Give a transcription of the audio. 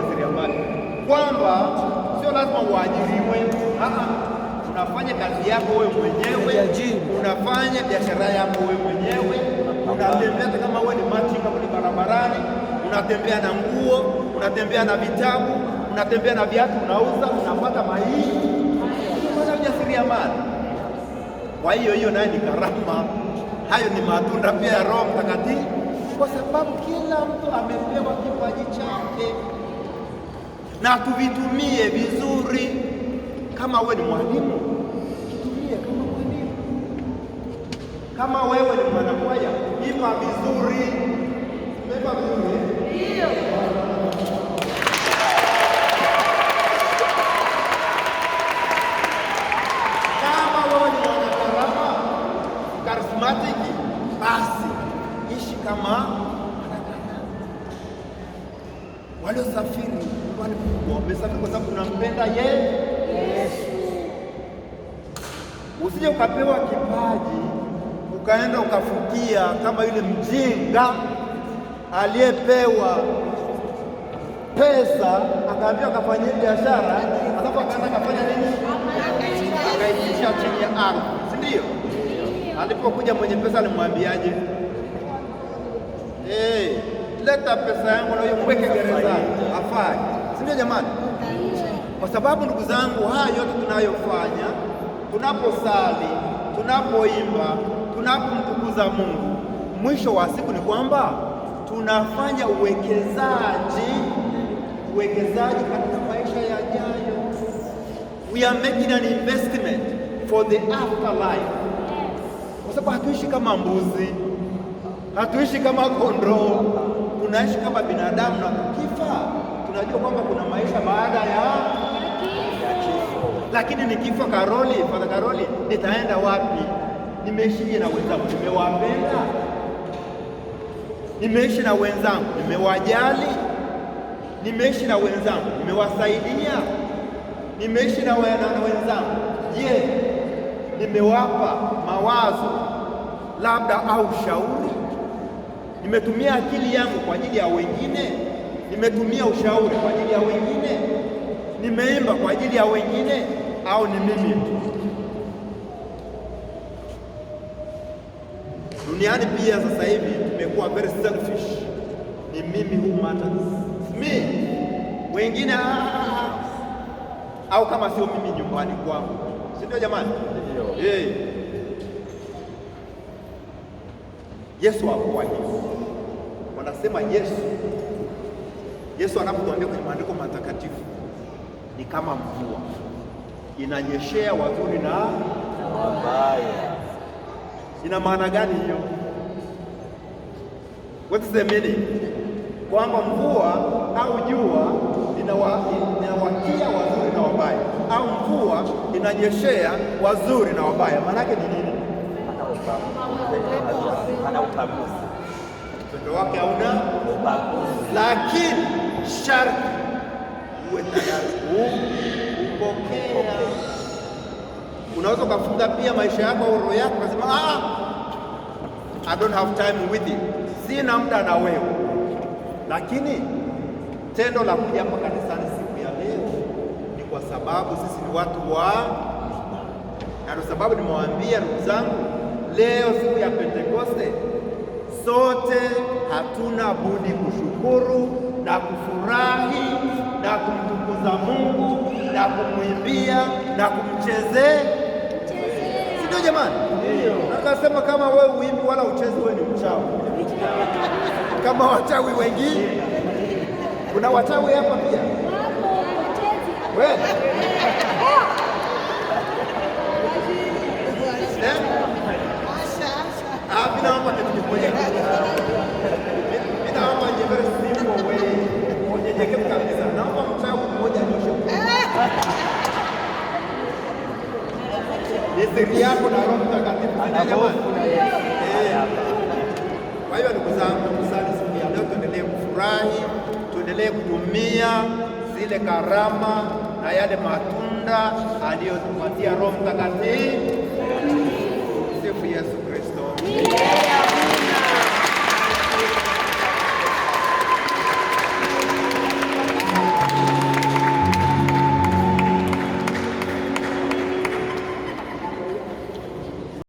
jasiriamali kwamba sio lazima uajiriwe, unafanya kazi yako wewe mwenyewe, unafanya biashara yako wewe mwenyewe, unatembea kama wewe ni kama ni barabarani, unatembea na nguo, unatembea na vitabu, unatembea na viatu, unauza, unapata maisha, unafanya Kwa hiyo hiyo naye ni karama, hayo ni matunda pia ya Roho Mtakatifu, kwa sababu kila mtu amepewa kipaji na tuvitumie vizuri. Kama wewe ni mwalimu, tutumie kama mwalimu. Kama wewe ni mwanakwaya, ipa vizuri, ipa vizuri, eh? ndio basi ishi kama walio safiri imani kubwa, umesamehe kwa sababu unampenda yeye Yesu. Usije ukapewa kipaji ukaenda ukafukia kama yule mjinga aliyepewa pesa akaambia akafanya biashara, alafu akaenda akafanya nini? Akaitisha chini ya ardhi, si ndio? Alipokuja mwenye pesa alimwambiaje? Hey, eh, leta pesa yangu na mweke gereza afanye sindio jamani? Kwa sababu ndugu zangu, haya yote tunayofanya, tunaposali, tunapoimba, tunapomtukuza Mungu, mwisho wa siku ni kwamba tunafanya uwekezaji, uwekezaji katika maisha yajayo. We are making an investment for the afterlife, kwa sababu hatuishi kama mbuzi, hatuishi kama kondoo, tunaishi kama binadamu na kukifa tunajua kwamba kuna maisha baada ya lakini nikifa Karoli, Padre Karoli, nitaenda wapi? Nimeishi na wenzangu, nimewapenda, nimeishi na wenzangu, nimewajali, nimeishi na wenzangu, nimewasaidia, nimeishi na wenzangu. Je, nimewapa mawazo labda au shauri? Nimetumia akili yangu kwa ajili ya wengine? nimetumia ushauri kwa ajili ya wengine, nimeimba kwa ajili ya wengine, au ni mimi tu? Duniani pia sasa hivi tumekuwa very selfish, ni mimi, who matters me, wengine ah, ah, ah, au kama sio mimi nyumbani kwangu, si ndio? Jamani, hey. Yesu hakuwa hivyo, wanasema Yesu Yesu anapotuambia kwenye maandiko matakatifu ni kama mvua inanyeshea wazuri na wabaya. Ina maana gani hiyo? What is the meaning? Kwamba mvua au jua inawakia wazuri na wabaya, au mvua inanyeshea wazuri na wabaya, maana yake ni nini? Ana ubaguzi, upendo wake hauna ubaguzi, lakini sharti uwe tayari kupokea. Unaweza ukafunga pia maisha yako au roho yako ukasema, ah, I don't have time with you, sina muda na wewe, lakini tendo la kuja hapa kanisani siku ya leo ni kwa sababu sisi ni watu wa na ndio sababu nimewaambia ndugu zangu, leo siku ya Pentekoste sote hatuna budi kushukuru na kufurahi na kumtukuza Mungu na kumwimbia na kumchezea, si ndio? Jamani, akasema kama wewe uimbi wala uchezi, wewe ni mchawi kama wachawi wengine. Kuna wachawi hapa pia wewe Nyenyekevu kabisa, naomba mchango mmoja mwisho. Eh! Ni siri yako na Roho Mtakatifu. Eh. Kwa hiyo ndugu zangu, kusali siku ya leo, tuendelee kufurahi, tuendelee kutumia zile karama na yale matunda aliyotupatia Roho Mtakatifu. Sifu Yesu Kristo.